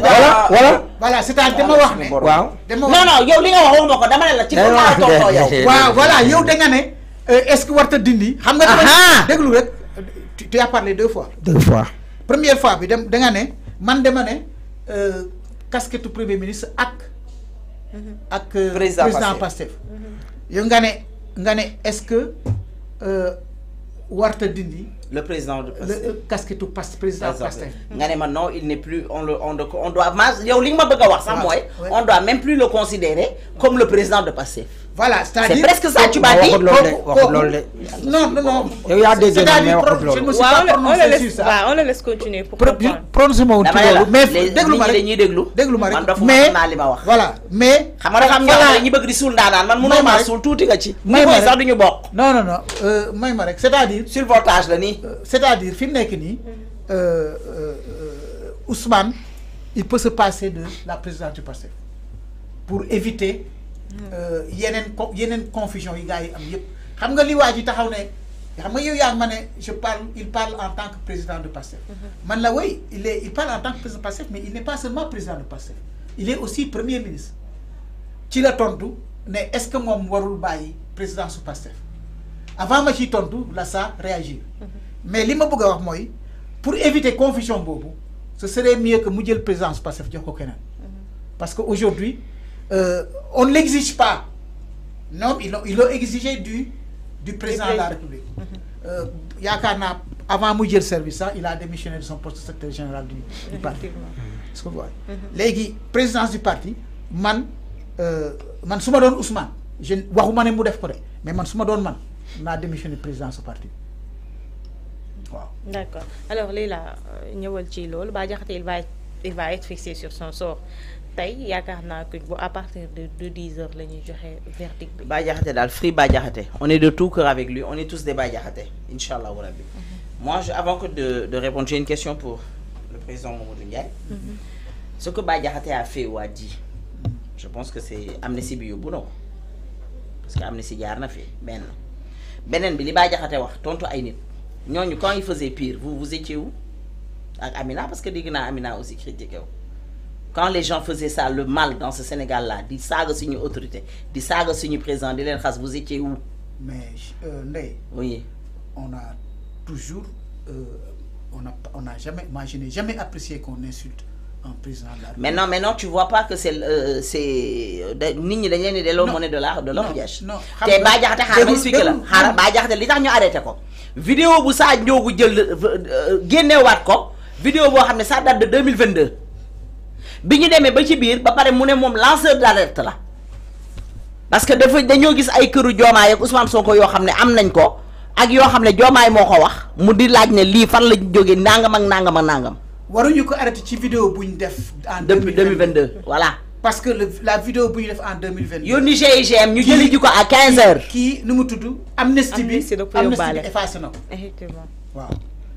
président voilà voilà. voilà c'est-à-dire dama wax ne. waaw dama non non yow li nga wax waxuma ko dama ne la ci boppam laa toog yow. waaw voilà yow da nga ne eh, est-ce warta dindi. xam nga dama déglu rek tu as parlé deux fois. deux fois. première fois bi dem da nga ne man dama ne euh, casquette premier ministre ak. Mhm. ak euh, président Pastef mhm. yow nga ne nga ne est-ce que euh, warta dindi. Le président du passé. Le tout euh, Pastef président passé. Mm. nga non il n'est plus on le on on doit ma a wax sax moi. on doit même plus le considérer comme le président de passé voilà c'est-à-dire C'est presque ça tu m'as dit waxul loolu de non non non. yow yaa dégg mais waxul loolu. waaw on le laisse continuer pour comprendre. mais déglu Les rek déglu ma rek mais voilà mais. xam nga dafa am ñi bëgg di suul ndaanaan man mënoo maa suul tuuti nga ci. may ça. rek sax duñu bokk. non non non euh, may ma rek c'est-à-dire. survoltage la nii. Euh, c'est-à-dire fi mu nekk nii euh, Ousmane il peut se passer de la présidence du passé pour éviter il y a une confusion yi am je parle il parle en tant que président de PASTEF. Mhm. man il parle en tant que président de PASTEF mais il n'est pas seulement président de PASTEF il est aussi premier ministre ci la tontu est-ce que moom warul président de PASTEF avant ma ci tontu la ça réagir mhm. mais li ma bëgg wax pour éviter confusion ce serait mieux que mu jël président de PASTEF jox ko keneen mhm. parce qu'aujourd'hui euh, on ne l'exige pas. Non, ils l'ont exigé du, président de la République. Euh, Yakana, avant de le service, il a démissionné de son poste de secrétaire général du, parti. ce que vous voyez mm-hmm. présidence du parti, man, euh, man, Ousmane, je ne sais pas si mais man, si je man, on a démissionné de présidence du parti. D'accord. Alors, Léla, euh, il va être fixé sur son sort tay yaakaar naa que bu à partir de de dix heures la ñuy joxe verdict bi. Bah Diakhaté daal Free Diakhaté on est de tout cœur avec lui on est tous des Bah Diakhaté incha allahu mhm. moi je, avant que de de répondre j'ai une question pour le président Mamadou Ndiaye. Mm -hmm. ce que Bah Diakhaté a fait ou a dit je pense que c'est amnistie bi yóbbu na ko parce que amnistie jaar na fi benn beneen bi li Bah Diakhaté wax tontu ay nit ñooñu quand il faisait pire vous vous étiez où ak Amina parce que dégg naa Amina aussi critiqué wu quand les gens faisaient ça le mal dans ce Sénégal là di c'est une autorité di ça suñu président di vous étiez où. mais euh, oui on a toujours euh, on a on jamais moi jamais apprécié qu'on insulte. un président de Mais non, mais tu vois pas que c'est euh, c'est de l'or de l'or Non, non. Non. vidéo vidéo de 2022. bi ñu demee ba ci biir ba pare mu ne moom lanceur d'alerte la parce que dafa dañoo gis ay këru joomaay ak Ousmane Sonko yoo xam ne am nañ ko ak yoo xam ne joomaay moo ko wax mu di laaj ne lii fan la jógee nangam ak nangam ak nangam. waruñu ko arrêté ci vidéo bu ñu def. en deux mille vingt deux voilà. parce que la vidéo bu ñu def en deux mille vingt deux. yónni GIGM ñu jëli ji ko à quinze heures. kii nu mu tudd amnistie bi amnistie bi effacé na ko. effectivement waaw.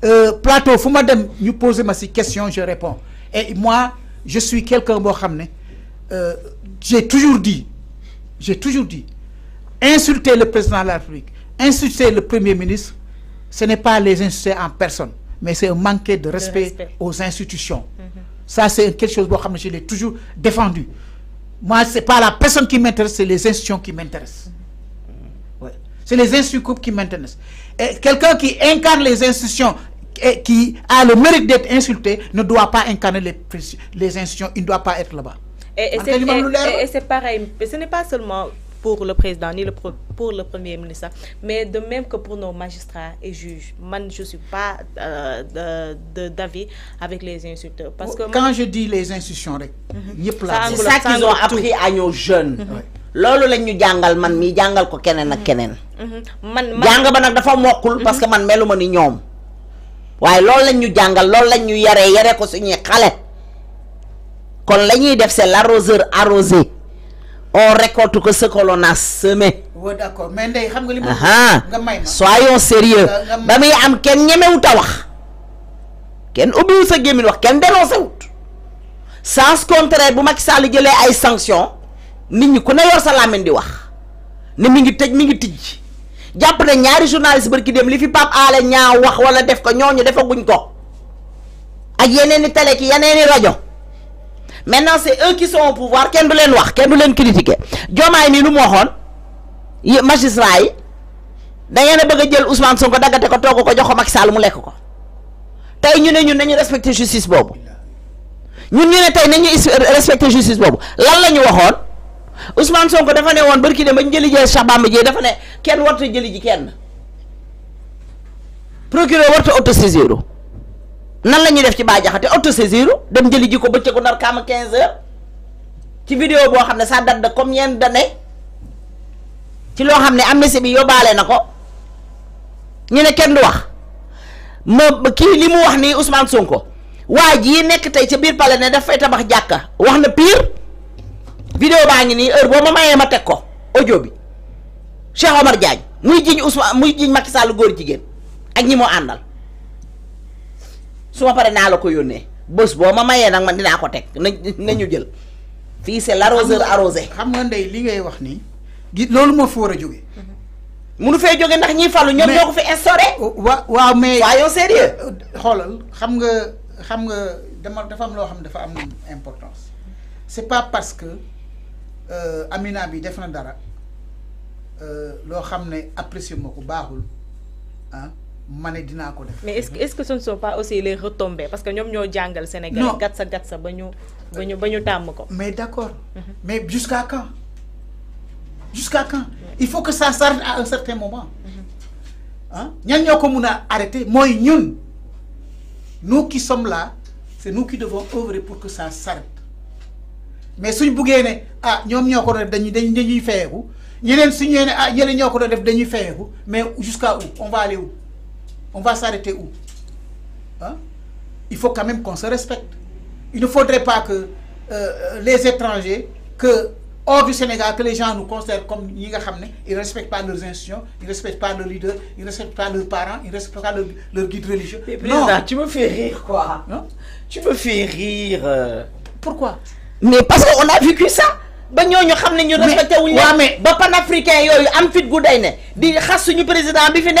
Plato, euh, plateau vous me poser ma question je réponds et moi je suis quelqu'un euh, j'ai toujours dit j'ai toujours dit insulter le président de l'Afrique, insulter le premier ministre ce n'est pas les insulter en personne mais c'est un manquer de respect, aux institutions mhm. ça c'est quelque chose je l'ai toujours défendu moi c'est pas la personne qui m'intéresse c'est les institutions qui m'intéressent mhm. c'est les institutions qui m'intéressent quelqu'un qui incarne les institutions qui a le mérite d'être insulté ne doit pas incarner les, les institutions, il ne doit pas être là-bas. Et, c'est pareil, ce n'est pas seulement pour le président ni le pour le premier ministre hein, mais de même que pour nos magistrats et juges je je suis pas euh, d'avis avec les insulteurs parce que oh, quand je dis les institutions mhm. c'est ça qu'ils ont appris à nos jeunes Lolo ñu man mi jangal ko kenen ak mhm. Mhm. man jang ba dafa parce que man meluma ni waaye loolu lañ ñu jàngal loolu lañ ñu yaree yare ko suñuy xale kon la ñuy def se l'arroseur arrosé on récolte que ce que l'on a mais ndey xam nga li nga ma soyons sérieux ba muy am kenn ñemewut a wax kenn ubbiwu sa gémmiñ wax kenn dénoncé wut sens contraire bu Macky Sall jëlee ay sanctions nit ñi ku ne yor sa làmmiñ di wax ne mi ngi tëj mi ngi tijj. japp na ñaari journaliste barki dem li fi pap ala ñaa wax wala def ko ñooñu defaguñ ko ak yeneen i télé ki yeneen i rajo maintenant c'est eux qui sont au pouvoir kenn du leen wax kenn du leen critiquer jomaay mi lu mu waxoon magistrat yi da ngeen a bëgg jël Ousmane Sonko dagate ko togg ko jox ko Macky Sall mu lekk ko tey ñu ne ñun nañu respecter justice boobu ñun ñu ne tey nañu respecter justice boobu lan la ñu waxoon Ousmane Sonko dafa ne woon barki dem ba ñu jël Cheikh Bamba dafa ne kenn warta jëli ji kenn procureur warta autosaisir nan la ñuy def ci Bah Diakhaté autosaisir dem jëli ji ko bëccëgu ndar kaama 15 heures ci vidéo boo xam ne ça date de combien d'années ci loo xam ne am amnistie bi yóbbaale na ko ñu ne kenn du wax ma kii li mu wax nii Ousmane ko waa jii nekk tey ca biir pale ne dafay tabax jàkka wax na pire vidéo baa ngi nii heure boo ma mayee ma teg ko audio bi Cheikh Omar Diagne muy djign Ousmane muy djign Macky Sall góor jigéen ak ñi mo andal suma paré paree naa la ko yónnee bés boo ma mayé nak man dina ko tek nañu jël fi c'est l'arroseur arrosé. xam nga ndey li ngay wax ni lolu mo moo fi war a jóge. munu fee ndax ñi fallu ñom ñoko fi instauré. wa wa mais wa yo sérieux euh, euh, xolal xam nga xam nga dama dafa am lo xam dafa am importance c'est pas parce que euh, Amina bi def na dara. Euh, loo xam apprécié ma ah, mais est-ce que est-ce que ce ne sont pas aussi les retombées parce que ñoom ñoo jàngal Sénégal. non gatsa gatsa ba ñu ba ñu ko. mais d'accord. Mhm. mais jusqu'à quand. jusqu'à quand il faut que ça s'arrête à un certain moment. Nous, mhm. ah? ñan ñoo ko arrêter ñun nous qui sommes là c'est nous qui devons œuvrer pour que ça s'arrête mais si buggee ne ah ñoom ñoo ko dañuy dañuy il su ñu ah yële mais jusqu'à où on va aller où on va s'arrêter où hein? il faut quand même qu'on se respecte il ne faudrait pas que euh, euh, les étrangers que hors du Sénégal que les gens nous considèrent comme ñi ils ne respectent pas leurs institutions ils ne respectent pas leurs leaders ils ne respectent pas leurs parents ils ne respectent pas leurs guides guide religieux. non tu me fais rire quoi. non hein? tu me fais rire. Euh. pourquoi. mais parce qu'on a vécu ça. ba ñooñu xam ne ñu respecté wuñ leen ba panafricain yooyu am fit gu day ne di xas suñu président bi fi ne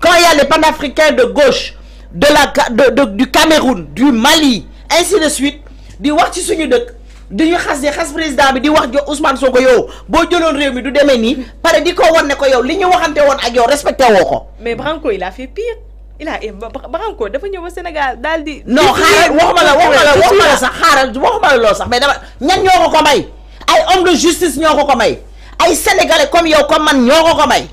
Quand il y a les panafricains de gauche, de la, de, de, du Cameroun, du Mali, ainsi de suite, di wax ci suñu dëkk dañuy xas di xass président bi di wax jo Ousmane Sonko yow bo jëloon réew mi du démé ni paré di ko wan ne ko yow li ñu waxanté won ak yow respecté woo mais Branco il a fait pire il a Branco dafa ñëw ba Sénégal daal di. non xaaral waxuma la waxuma la waxuma la sax xaaral waxuma la lo sax mais dama ñan ñoko ko may ay homme de justice ñoko ko may ay sénégalais comme yow comme man ñoko ko may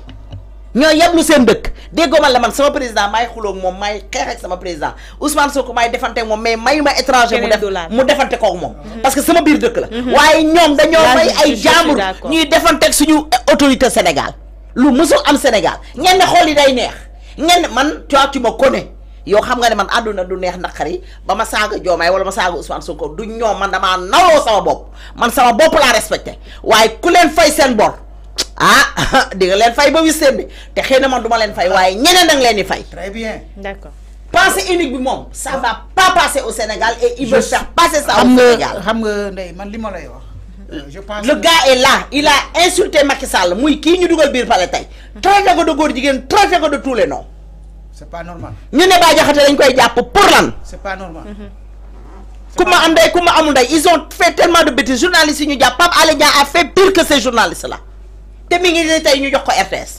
ñoo yablu seen dëkk déggoo la man sama président may xuloog moom may xeex ak sama président Ousmane Soko May defante moom mais may ma étranger mu def mu defante koog moom mhm. parce que sama biir dëkk la mhm. waaye ñoom dañoo may ay jaamur ñuy defante ak suñu autorité Sénégal lu musul am Sénégal ñenn xool yi day neex ñenn man toi tu me connais yow xam nga ne man àdduna du neex naqari ba ma saaga Diomaye wala ma saaga Ousmane Sonko du ñoom man dama nawloo sama bopp man sama bopp laa respecté waaye ku leen fay seen bor ah di nga leen fay ba wis seen bi te xëy na man du ma leen fay waaye ñeneen da nga leen fay. très bien d'accord. pensée unique bi moom ça va pas passer au Sénégal et il veut faire passer ça au Sénégal. xam nga ndey man li wax. Euh, je pense le gars est là il a insulté Macky Sall muy kii ñu dugal biir palais tey. traité ko de góor jigéen traité ko de tous les noms. c'est pas normal. ñu ne Bah Diakhaté dañ koy jàpp pour lan. c'est pas normal. Mhm. ku ma am ndey ku ma amul ils ont fait tellement de bêtises journalistes yi ñu jàpp Pape Alé Niang a fait pire que ces journalistes là. té mi ngi tay ñu jox ko RTS.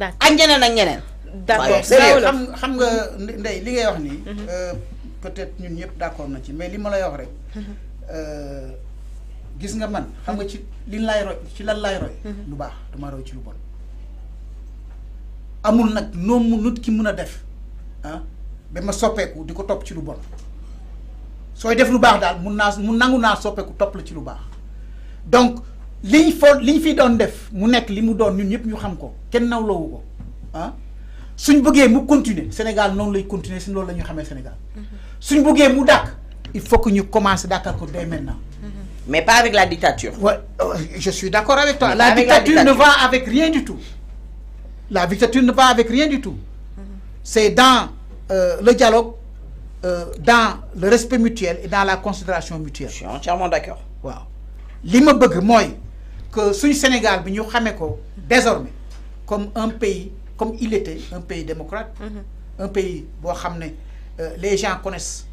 ak ñeneen ak ñeneen. d'accord xam xam nga mm-hmm. ndey li ngay wax mm-hmm. euh peut-être ñun ñëpp d'accord na ci mais li ma lay wax rek. Mm-hmm. Euh, gis nga man xam nga ci li lay roy ci lan lay roy. lu baax dama roy ci lu bon. amul nak nut ki mëna def ah be ma di ko top ci lu bon soy def lu baax dal mun na mun nangu naa top la ci lu baax donc. li fo liñ fi don def mu nek li mu doon ñun ñep ñu xam ko ken nawlo ah suñ mu continuer Sénégal non lay continuer si loolu la Sénégal suñ bëggé mu dak il faut que ñu commencer d'accord ko dès maintenant. mais pas avec la dictature. Ouais, euh, je suis d'accord avec toi. La dictature, ne va avec rien du tout. La dictature ne va avec rien du tout. C'est dans euh, le dialogue, euh, dans le respect mutuel et dans la considération mutuelle. Je suis entièrement d'accord. Wow. bëgg moi, que le Sénégal désormais comme un pays comme il était un pays démocrate mm-hmm. un pays où euh, les gens connaissent